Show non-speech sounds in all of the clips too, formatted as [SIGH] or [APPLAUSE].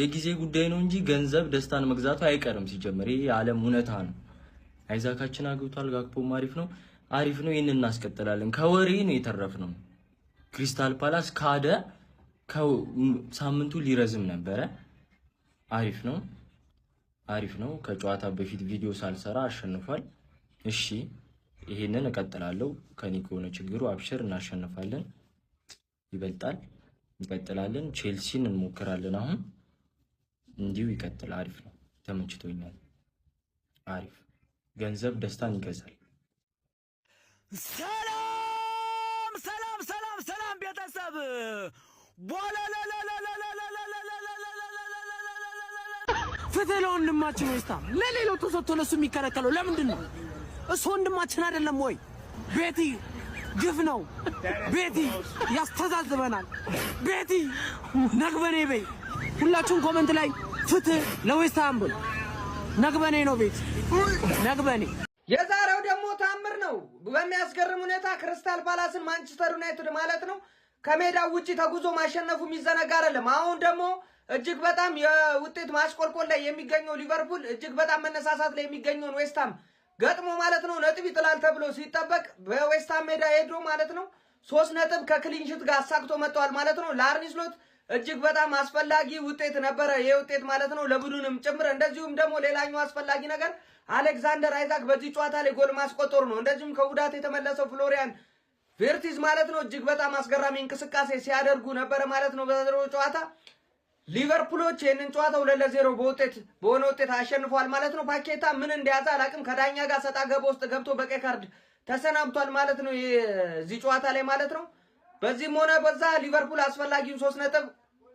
የጊዜ ጉዳይ ነው እንጂ ገንዘብ ደስታን መግዛቱ አይቀርም። ሲጀመር ይሄ የዓለም እውነታ ነው። አይዛካችን አግብቷል። ጋግቦም አሪፍ ነው፣ አሪፍ ነው። ይህን እናስቀጥላለን። ከወሬ ነው የተረፍ ነው። ክሪስታል ፓላስ ካደ። ሳምንቱ ሊረዝም ነበረ። አሪፍ ነው፣ አሪፍ ነው። ከጨዋታ በፊት ቪዲዮ ሳልሰራ አሸንፏል። እሺ፣ ይሄንን እቀጥላለሁ። ከኔ ከሆነ ችግሩ አብሽር፣ እናሸንፋለን። ይበልጣል እንቀጥላለን። ቼልሲን እንሞክራለን። አሁን እንዲሁ ይቀጥል። አሪፍ ነው፣ ተመችቶኛል። አሪፍ ገንዘብ ደስታን ይገዛል። ሰላም ሰላም ሰላም ሰላም ቤተሰብ ፍትህ ለወንድማችን ወይስታ ለሌሎቹ ሰጥቶ የሚከለከለው ለምንድን ነው? እሱ ወንድማችን አይደለም ወይ ቤቲ ግፍ ነው። ቤቲ ያስተዛዝበናል። ቤቲ ነግበኔ በይ። ሁላችሁም ኮመንት ላይ ፍትህ ለዌስትሃም ብል ነግበኔ ነው። ቤት ነግበኔ። የዛሬው ደግሞ ታምር ነው። በሚያስገርም ሁኔታ ክሪስታል ፓላስን ማንቸስተር ዩናይትድ ማለት ነው ከሜዳው ውጪ ተጉዞ ማሸነፉ የሚዘነጋ አይደለም። አሁን ደግሞ እጅግ በጣም የውጤት ማሽቆልቆል ላይ የሚገኘው ሊቨርፑል እጅግ በጣም መነሳሳት ላይ የሚገኘውን ዌስትሃም ገጥሞ ማለት ነው ነጥብ ይጥላል ተብሎ ሲጠበቅ በዌስታ ሜዳ ሄዶ ማለት ነው ሶስት ነጥብ ከክሊንሽት ጋር አሳክቶ መጥተዋል ማለት ነው። ለአርኔ ስሎት እጅግ በጣም አስፈላጊ ውጤት ነበረ ይህ ውጤት ማለት ነው ለቡድንም ጭምር። እንደዚሁም ደግሞ ሌላኛው አስፈላጊ ነገር አሌክዛንደር አይዛክ በዚህ ጨዋታ ላይ ጎል ማስቆጠሩ ነው። እንደዚሁም ከጉዳት የተመለሰው ፍሎሪያን ቬርቲዝ ማለት ነው እጅግ በጣም አስገራሚ እንቅስቃሴ ሲያደርጉ ነበረ ማለት ነው በዘሮ ጨዋታ ሊቨርፑሎች ይህንን ጨዋታ ሁለት ለዜሮ በውጤት በሆነ ውጤት አሸንፏል ማለት ነው። ፓኬታ ምን እንደያዘ አላቅም። ከዳኛ ጋር ሰጣ ገባ ውስጥ ገብቶ በቀይ ካርድ ተሰናብቷል ማለት ነው፣ እዚህ ጨዋታ ላይ ማለት ነው። በዚህም ሆነ በዛ ሊቨርፑል አስፈላጊውን ሶስት ነጥብ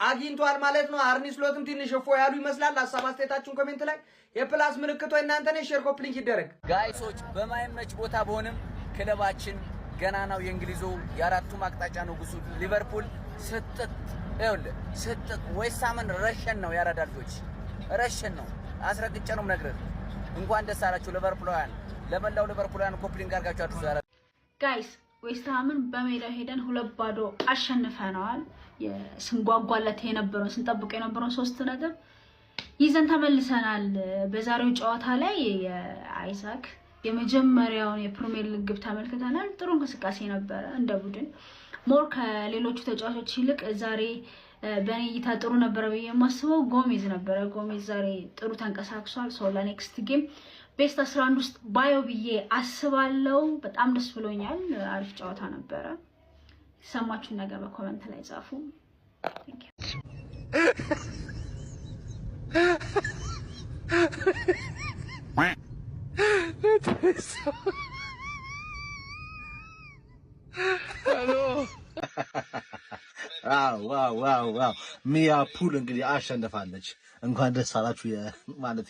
አግኝቷል ማለት ነው። አርኒ ስሎትም ትንሽ እፎ ያሉ ይመስላል። ሀሳብ አስተያየታችሁን ኮሜንት ላይ የፕላስ ምልክቶ እናንተ ነ ሼር ኮፕ ሊንክ ይደረግ ጋይሶች። በማይመች ቦታ በሆንም ክለባችን ገና ነው። የእንግሊዙ የአራቱም አቅጣጫ ንጉሱ ሊቨርፑል ስጥት ይኸውልህ ስጥቅ ወይሳምን ረሸን ነው ያራዳ ልጆች ረሽን ነው። አስረግጬ ነው የምነግርህ። እንኳን ደስ አላችሁ ሊቨርፑላውያን፣ ለመላው ሊቨርፑላውያን ኮፕሊንግ አድርጋችሁ አድርሱ። ያራ ጋይስ ዌስትሃምን በሜዳ ሄደን ሁለት ባዶ አሸንፈነዋል። ስንጓጓለት የነበረውን ስንጠብቅ የነበረውን ሶስት ነጥብ ይዘን ተመልሰናል። በዛሬው ጨዋታ ላይ የአይዛክ የመጀመሪያውን የፕሪሚየር ሊግ ግብ ተመልክተናል። ጥሩ እንቅስቃሴ ነበረ እንደ ቡድን ሞር ከሌሎቹ ተጫዋቾች ይልቅ ዛሬ በእኔ እይታ ጥሩ ነበረ ብዬ የማስበው ጎሜዝ ነበረ። ጎሜዝ ዛሬ ጥሩ ተንቀሳቅሷል። ሶ ለኔክስት ጌም ቤስት አስራ አንድ ውስጥ ባዮ ብዬ አስባለው። በጣም ደስ ብሎኛል። አሪፍ ጨዋታ ነበረ። ሰማችሁን ነገር በኮመንት ላይ ጻፉ። [LAUGHS] [LAUGHS] ዋው ሚያ ፑል እንግዲህ አሸንፋለች። እንኳን ደስ አላችሁ ማለት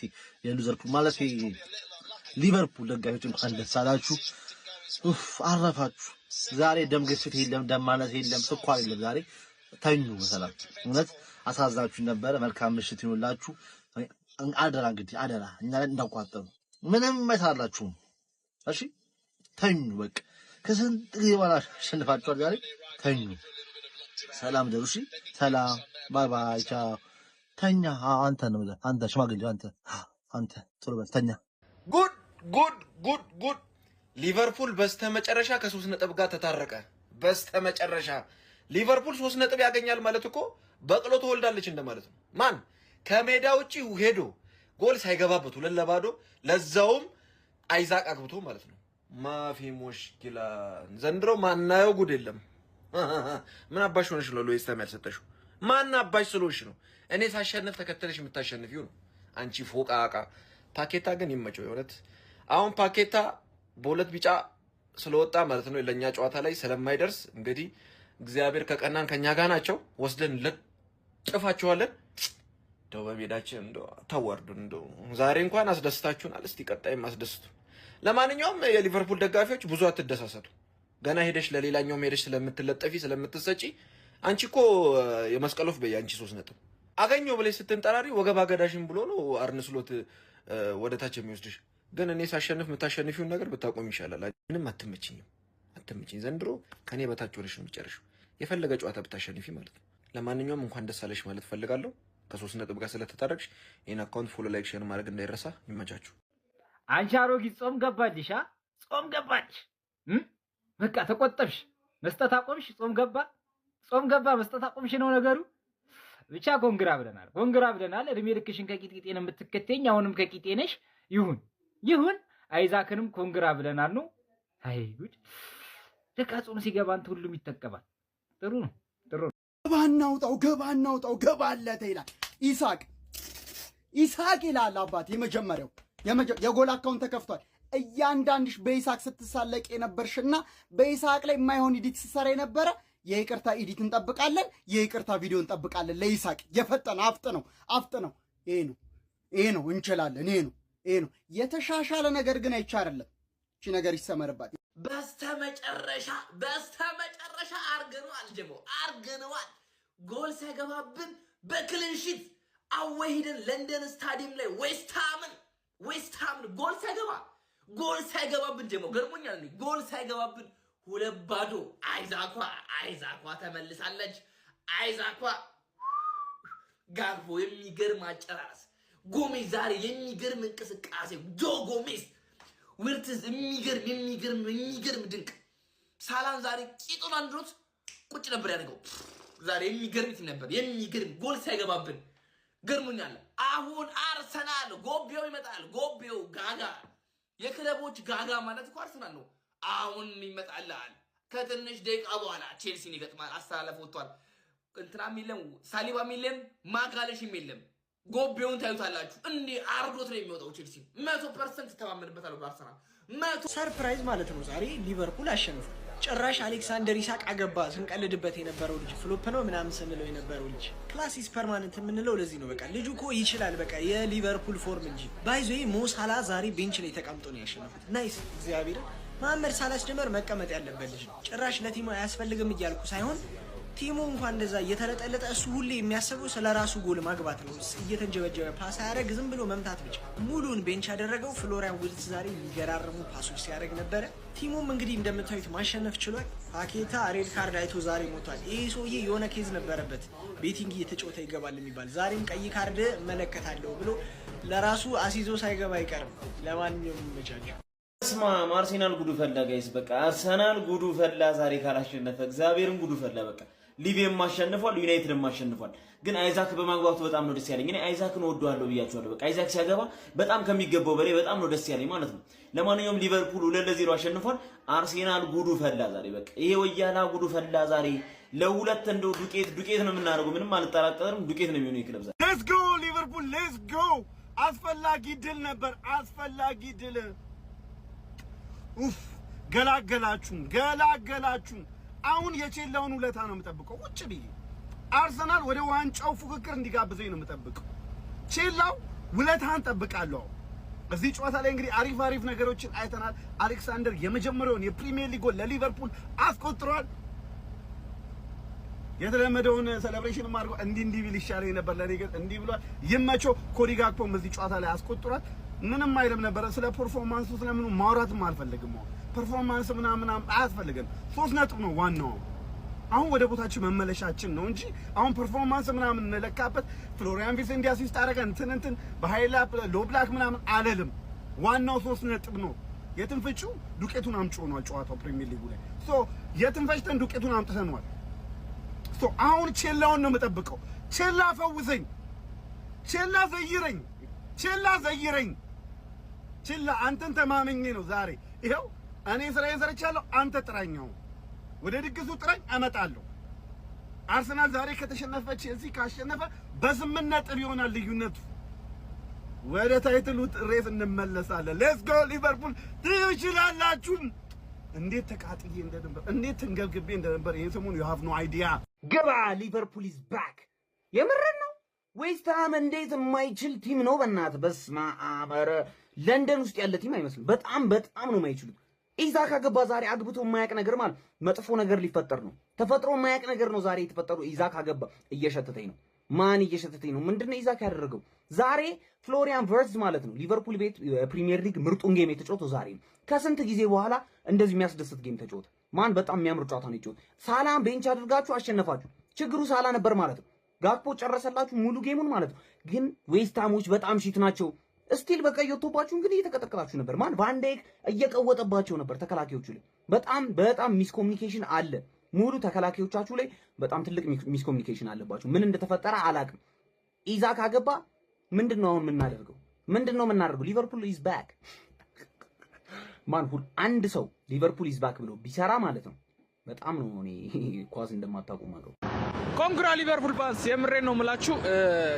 ማለት ሊቨርፑል ደጋፊዎች እንኳን ደስ አላችሁ። ኡፍ አረፋችሁ። ዛሬ ደም ግፊት የለም፣ ደም የለም፣ ስኳር የለም። ዛሬ ተኙ መሰላችሁ። እውነት አሳዛችሁ ነበረ። መልካም ምሽት ይሁንላችሁ። አደራ እንግዲህ አደራ እኛ እንዳቋጠሩ ምንም አይሰራላችሁም። እሺ ተኙ በቃ። ከስንት ጊዜ በኋላ አሸንፋቸዋል። ዛሬ ተኙ። ሰላም ደሩ። እሺ፣ ሰላም ባይ ባይ፣ ቻው። ተኛ። አንተ ነው አንተ ሽማግሌ፣ አንተ አንተ ጥሩ በል ተኛ። ጉድ ጉድ ጉድ ጉድ! ሊቨርፑል በስተ በስተመጨረሻ ከሶስት ነጥብ ጋር ተታረቀ። በስተ መጨረሻ ሊቨርፑል ሶስት ነጥብ ያገኛል ማለት እኮ በቅሎ ትወልዳለች እንደማለት ነው። ማን ከሜዳ ውጪ ሄዶ ጎል ሳይገባበት ሁለት ለባዶ ለዛውም አይዛቅ አግብቶ ማለት ነው። ማፊ ሙሽኪላ ዘንድሮ ማናየው ጉድ የለም። ምን አባሽ ሆነሽ ነው ታም ያልሰጠሽው? ማን አባሽ ስለሆንሽ ነው? እኔ ሳሸንፍ ተከተለሽ የምታሸንፊው ነው አንቺ ፎቃ አቃ። ፓኬታ ግን ይመቸው የሆነት አሁን ፓኬታ በሁለት ቢጫ ስለወጣ ማለት ነው ለእኛ ጨዋታ ላይ ስለማይደርስ እንግዲህ እግዚአብሔር ከቀናን ከኛ ጋር ናቸው። ወስደን ለጥፋችኋለን። እንደው በሜዳችን እንደው ተዋርዱን። እንደው ዛሬ እንኳን አስደስታችሁናል። እስቲ ቀጣይም ማስደስቱ። ለማንኛውም የሊቨርፑል ደጋፊዎች ብዙ አትደሳሰቱ። ገና ሄደሽ ለሌላኛውም ሄደሽ ስለምትለጠፊ ስለምትሰጪ አንቺ እኮ የመስቀል ወፍ በይ አንቺ ሶስት ነጥብ አገኘው ብለሽ ስትንጠራሪ ወገብ አገዳሽን ብሎ ነው አርንስሎት ስሎት ወደ ታች የሚወስድሽ። ግን እኔ ሳሸንፍ የምታሸንፊውን ነገር ብታቆም ይሻላል። ምንም አትመችኝም፣ አትመችኝ ዘንድሮ ከእኔ በታች ሆነሽ ነው የሚጨርሽው፣ የፈለገ ጨዋታ ብታሸንፊ ማለት ነው። ለማንኛውም እንኳን ደስ አለሽ ማለት ፈልጋለሁ ከሶስት ነጥብ ጋር ስለተታረቅሽ ይህን አካውንት ፎሎ፣ ላይክ፣ ሼር ማድረግ እንዳይረሳ። ይመቻችሁ። አንቺ አሮጊት ጾም ገባልሽ፣ ጾም ገባልሽ። በቃ ተቆጠብሽ፣ መስጠት አቆምሽ። ጾም ገባ፣ ጾም ገባ፣ መስጠት አቆምሽ ነው ነገሩ። ብቻ ጎንግራ ብለናል፣ ጎንግራ ብለናል። እድሜ ልክሽን ከቂጥቂጤን የምትከተኝ አሁንም ከቂጤነሽ ይሁን ይሁን፣ አይዛክንም ኮንግራ ብለናል ነው። አይ ጉድ! ደቃ ጾም ሲገባ አንተ ሁሉም ይጠቀባል። ጥሩ ነው፣ ጥሩ ነው። ገባ እናውጣው፣ ገባ እናውጣው፣ ገባ አለ ተይላል። ኢሳቅ ኢሳቅ ይላል አባት የመጀመሪያው የጎል አካውንት ተከፍቷል። እያንዳንድሽ በይስሐቅ ስትሳለቅ የነበርሽና በይስሐቅ ላይ የማይሆን ኢዲት ስትሰራ የነበረ የይቅርታ ኢዲት እንጠብቃለን፣ የይቅርታ ቪዲዮ እንጠብቃለን። ለይስሐቅ የፈጠነ አፍጥ ነው አፍጥ ነው። ይሄ ነው ይሄ ነው እንችላለን። ይሄ ነው ይሄ ነው የተሻሻለ ነገር ግን አይቻ አይደለም። እቺ ነገር ይሰመርባት። በስተመጨረሻ በስተመጨረሻ አርገነዋል፣ ደግሞ አርገነዋል። ጎል ሳይገባብን በክልንሽት አወሂደን ለንደን ስታዲየም ላይ ዌስትሃምን ዌስት ዌስትሃምን ጎል ሳይገባ ጎል ሳይገባብን ደግሞ ገርሞኛል። ጎል ሳይገባብን ሁለት ባዶ አይዛኳ አይዛኳ ተመልሳለች። አይዛኳ ጋርፎ የሚገርም አጨራረስ፣ ጎሜዝ ዛሬ የሚገርም እንቅስቃሴ፣ ጆ ጎሜዝ ውርትዝ የሚገርም የሚገርም የሚገርም ድንቅ። ሳላን ዛሬ ቂጡን አንድሮት ቁጭ ነበር ያደርገው ዛሬ የሚገርም ነበር። የሚገርም ጎል ሳይገባብን ገርሞኛል። አሁን አርሰናል ጎቤው ይመጣል። ጎቤው ጋጋ የክለቦች ጋጋ ማለት እኮ አርሰናል ነው። አሁን ይመጣልሃል። ከትንሽ ደቂቃ በኋላ ቼልሲን ይገጥማል። አስተላለፍ ወጥቷል። እንትናም የለም፣ ሳሊባም የለም፣ ማጋለሽም የለም። ጎቤውን ታዩታላችሁ። እንዴ አርዶት ነው የሚወጣው ቼልሲ። መቶ ፐርሰንት ተማመንበታለሁ በአርሰናል መቶ ሰርፕራይዝ ማለት ነው። ዛሬ ሊቨርፑል አሸንፏል። ጭራሽ አሌክሳንደር ኢሳቅ አገባ ስንቀልድበት የነበረው ልጅ ፍሎፕ ነው ምናምን ስንለው የነበረው ልጅ ክላሲስ ፐርማነንት የምንለው ለዚህ ነው። በቃ ልጁ እኮ ይችላል። በቃ የሊቨርፑል ፎርም እንጂ ባይዞ ሞሳላ ዛሬ ቤንች ላይ ተቀምጦ ነው ያሸነፉት። ናይስ እግዚአብሔር መሐመድ ሳላስ ጀመር መቀመጥ ያለበት ልጅ ነው። ጭራሽ ለቲሙ አያስፈልግም እያልኩ ሳይሆን ቲሙ እንኳን እንደዛ እየተለጠለጠ እሱ ሁሌ የሚያስበው ስለ ራሱ ጎል ማግባት ነው። እየተንጀበጀበ ፓስ አያደረግ ዝም ብሎ መምታት ብቻ። ሙሉን ቤንች ያደረገው ፍሎሪያን ውድት ዛሬ የሚገራርሙ ፓሶች ሲያደርግ ነበረ። ቲሙም እንግዲህ እንደምታዩት ማሸነፍ ችሏል። ፓኬታ ሬድ ካርድ አይቶ ዛሬ ሞቷል። ይህ ሰውዬ የሆነ ኬዝ ነበረበት፣ ቤቲንግ እየተጫወተ ይገባል የሚባል ዛሬም ቀይ ካርድ እመለከታለሁ ብሎ ለራሱ አሲዞ ሳይገባ አይቀርም። ለማንኛውም ይመቻቸው። ስማ አርሴናል ጉዱ ፈላ ጋይስ፣ በቃ አርሰናል ጉዱ ፈላ ዛሬ ካላሸነፈ እግዚአብሔርን ጉዱ ፈላ በቃ ሊቪየም አሸንፏል፣ ዩናይትድ አሸንፏል። ግን አይዛክ በማግባቱ በጣም ነው ደስ ያለኝ። እኔ አይዛክን እወደዋለሁ ብያቸዋለሁ። በቃ አይዛክ ሲያገባ በጣም ከሚገባው በላይ በጣም ነው ደስ ያለኝ ማለት ነው። ለማንኛውም ሊቨርፑል ሁለት ለዜሮ አሸንፏል። አርሴናል ጉዱ ፈላ ዛሬ። በቃ ይሄ ወያላ ጉዱ ፈላ ዛሬ። ለሁለት እንደው ዱቄት ዱቄት ነው የምናደርገው። ምንም አልጠራጠርም፣ ዱቄት ነው የሚሆነው የክለብ ዛሬ። ሌትስ ጎ ሊቨርፑል ሌትስ ጎ። አስፈላጊ ድል ነበር፣ አስፈላጊ ድል። ኡፍ ገላገላችሁም፣ ገላገላችሁ አሁን የቼላውን ውለታ ነው የምጠብቀው። ቁጭ ብዬ አርሰናል ወደ ዋንጫው ፉክክር እንዲጋብዘኝ ነው የምጠብቀው። ቼላው ውለታህን ጠብቃለሁ። በዚህ ጨዋታ ላይ እንግዲህ አሪፍ አሪፍ ነገሮችን አይተናል። አሌክሳንደር የመጀመሪያውን የፕሪሚየር ሊግ ጎል ለሊቨርፑል አስቆጥሯል። የተለመደውን ሴሌብሬሽን አድርጎ እንዲህ እንዲህ ቢል ይሻለኝ ነበር፣ ለኔ ግን እንዲህ ብሏል። ይመቸው። ኮዲ ጋክፖም በዚህ ጨዋታ ላይ አስቆጥሯል። ምንም አይልም ነበረ። ስለ ፐርፎርማንሱ ስለምኑ ማውራትም አልፈልግም። ፐርፎርማንስ ምናምን አያስፈልገን። ሶስት ነጥብ ነው ዋናው። አሁን ወደ ቦታችን መመለሻችን ነው እንጂ አሁን ፐርፎርማንስ ምናምን እንለካበት ፍሎሪያን ቪስ እንዲያ ሲስት አደረገን እንትን እንትን በሀይላ ሎብላክ ምናምን አለልም። ዋናው ሶስት ነጥብ ነው። የትንፍጩ ዱቄቱን አምጭ ሆኗል ጨዋታው ፕሪሚየር ሊጉ ላይ ሶ የትንፈጭተን ዱቄቱን አምጥተነዋል። ሶ አሁን ቼላውን ነው የምጠብቀው። ቼላ ፈውሰኝ፣ ቼላ ዘይረኝ፣ ቼላ ዘይረኝ፣ ቼላ አንተን ተማመኝ ነው ዛሬ ይኸው እኔ ስራዬን ሰርቻለሁ። አንተ ጥረኛው ወደ ድግሱ ጥረኝ አመጣለሁ። አርሰናል ዛሬ ከተሸነፈ ቼልሲ ካሸነፈ በስምንት ነጥብ ይሆናል ልዩነቱ። ወደ ታይትሉ ሬስ እንመለሳለን። ሌትስ ጎ ሊቨርፑል፣ ትችላላችሁ። እንዴት ተቃጥዬ እንደነበር እንዴት ተንገብግቤ እንደነበር ይሄ ሰሞን ዩ ሃቭ ኖ አይዲያ። ግባ ሊቨርፑል ኢዝ ባክ። የምርን ነው ዌስትሃም እንዴት የማይችል ቲም ነው? በእናትህ በስማ አመረ ለንደን ውስጥ ያለ ቲም አይመስልም። በጣም በጣም ነው የማይችሉት ኢዛ ካገባ ዛሬ አግብቶ ማያቅ ነገር ማለት መጥፎ ነገር ሊፈጠር ነው። ተፈጥሮ ማያቅ ነገር ነው ዛሬ የተፈጠሩ። ኢዛ ካገባ እየሸተተኝ ነው። ማን እየሸተተኝ ነው? ምንድነው ኢዛ ያደረገው? ዛሬ ፍሎሪያን ቨርዝ ማለት ነው ሊቨርፑል ቤት ፕሪሚየር ሊግ ምርጡን ጌም የተጫወተው ዛሬ ነው። ከስንት ጊዜ በኋላ እንደዚህ የሚያስደስት ጌም ተጫወተ። ማን በጣም የሚያምር ጨዋታ ነው የጫወተ። ሳላን ቤንች አድርጋችሁ አሸነፋችሁ። ችግሩ ሳላ ነበር ማለት ነው። ጋክፖ ጨረሰላችሁ ሙሉ ጌሙን ማለት ነው። ግን ዌስታሞች በጣም ሺት ናቸው። ስቲል በቃ እየወቶባችሁን እንግዲህ እየተቀጠቀጣችሁ ነበር። ማን ቫንዳይክ እየቀወጠባቸው ነበር ተከላካዮቹ ላይ። በጣም በጣም ሚስኮሚኒኬሽን አለ። ሙሉ ተከላካዮቻችሁ ላይ በጣም ትልቅ ሚስኮሚኒኬሽን አለባችሁ። ምን እንደተፈጠረ አላቅም። ኢዛ ካገባ ምንድን ነው አሁን የምናደርገው? ምንድን ነው የምናደርገው? ሊቨርፑል ኢዝ ባክ ማን ሁል አንድ ሰው ሊቨርፑል ኢዝ ባክ ብሎ ቢሰራ ማለት ነው በጣም ነው እኔ ኳስ እንደማታውቁ ማቀው። ኮንግራ ሊቨርፑል ባንስ የምሬን ነው የምላችሁ።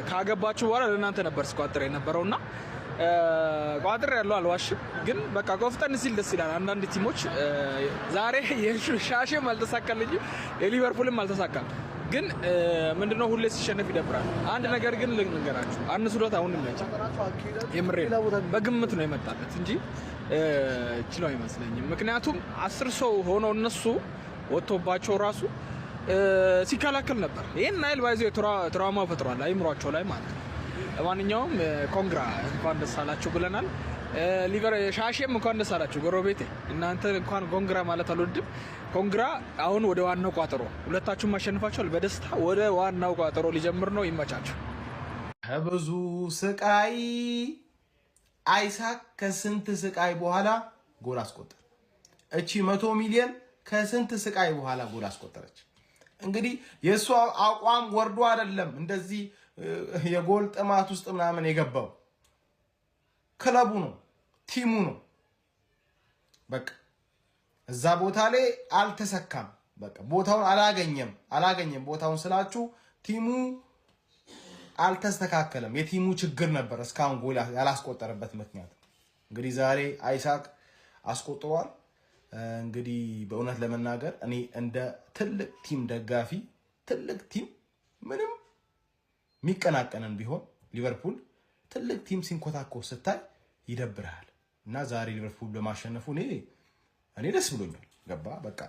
ካገባችሁ በኋላ ለእናንተ ነበር ስኳጥር የነበረውና ቋጥር ያለው አልዋሽም፣ ግን በቃ ቆፍጠን ሲል ደስ ይላል። አንዳንድ ቲሞች ዛሬ የሻሽም አልተሳካልኝ የሊቨርፑልም አልተሳካል፣ ግን ምንድነው ሁሌ ሲሸነፍ ይደብራል። አንድ ነገር ግን ልንገራችሁ፣ አንድ ስዶት አሁን ነች የምሬ በግምት ነው የመጣበት እንጂ ችለው አይመስለኝም። ምክንያቱም አስር ሰው ሆነው እነሱ ወጥቶባቸው ራሱ ሲከላከል ነበር። ይህን ናይል ባይዞ ትራውማ ፈጥሯል አይምሯቸው ላይ ማለት ነው። ለማንኛውም ኮንግራ እንኳን ደስ አላችሁ ብለናል። ሊቨር ሻሼም እንኳን ደስ አላችሁ ጎረቤቴ። እናንተ እንኳን ኮንግራ ማለት አልወድም። ኮንግራ አሁን ወደ ዋናው ቋጠሮ ሁለታችሁም አሸንፋችኋል። በደስታ ወደ ዋናው ቋጠሮ ሊጀምር ነው። ይመቻችሁ። ከብዙ ስቃይ አይሳክ ከስንት ስቃይ በኋላ ጎል አስቆጠር። እቺ መቶ ሚሊዮን ከስንት ስቃይ በኋላ ጎል አስቆጠረች። እንግዲህ የእሷ አቋም ወርዶ አይደለም እንደዚህ የጎል ጥማት ውስጥ ምናምን የገባው ክለቡ ነው፣ ቲሙ ነው። በቃ እዛ ቦታ ላይ አልተሰካም። በቃ ቦታውን አላገኘም። አላገኘም ቦታውን ስላችሁ ቲሙ አልተስተካከለም። የቲሙ ችግር ነበር እስካሁን ጎል ያላስቆጠረበት ምክንያት። እንግዲህ ዛሬ አይሳክ አስቆጥሯል። እንግዲህ በእውነት ለመናገር እኔ እንደ ትልቅ ቲም ደጋፊ ትልቅ ቲም ምንም የሚቀናቀንን ቢሆን ሊቨርፑል ትልቅ ቲም ሲንኮታኮ ስታይ ይደብርሃል። እና ዛሬ ሊቨርፑል በማሸነፉ እኔ እኔ ደስ ብሎኛል። ገባ በቃ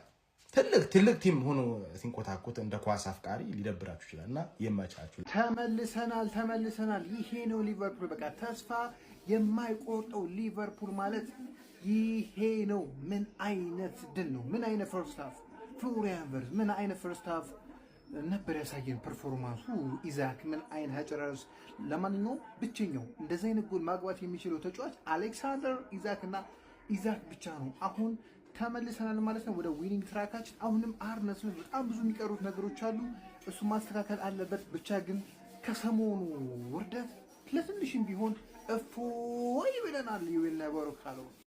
ትልቅ ትልቅ ቲም ሆኖ ሲንኮታኮት እንደ ኳስ አፍቃሪ ሊደብራችሁ ይችላል እና የማይችላችሁ ተመልሰናል ተመልሰናል። ይሄ ነው ሊቨርፑል በቃ ተስፋ የማይቆርጠው ሊቨርፑል ማለት ይሄ ነው። ምን አይነት ድል ነው! ምን አይነት ፈርስት ሀፍ ፍሎሪያን ቨርዝ ምን አይነት ፈርስት ሀፍ ነበር ያሳየን ፐርፎርማንሱ። ኢዛክ ምን አይነት አጨራረስ! ለማንኛውም ብቸኛው እንደዚህ አይነት ጎል ማግባት የሚችለው ተጫዋች አሌክሳንደር ኢዛክ እና ኢዛክ ብቻ ነው። አሁን ተመልሰናል ማለት ነው ወደ ዊኒንግ ትራካችን። አሁንም አርነ ስሎት በጣም ብዙ የሚቀሩት ነገሮች አሉ፣ እሱ ማስተካከል አለበት። ብቻ ግን ከሰሞኑ ውርደት ለትንሽም ቢሆን እፎይ ብለናል። ይብል ነበሩ ካለው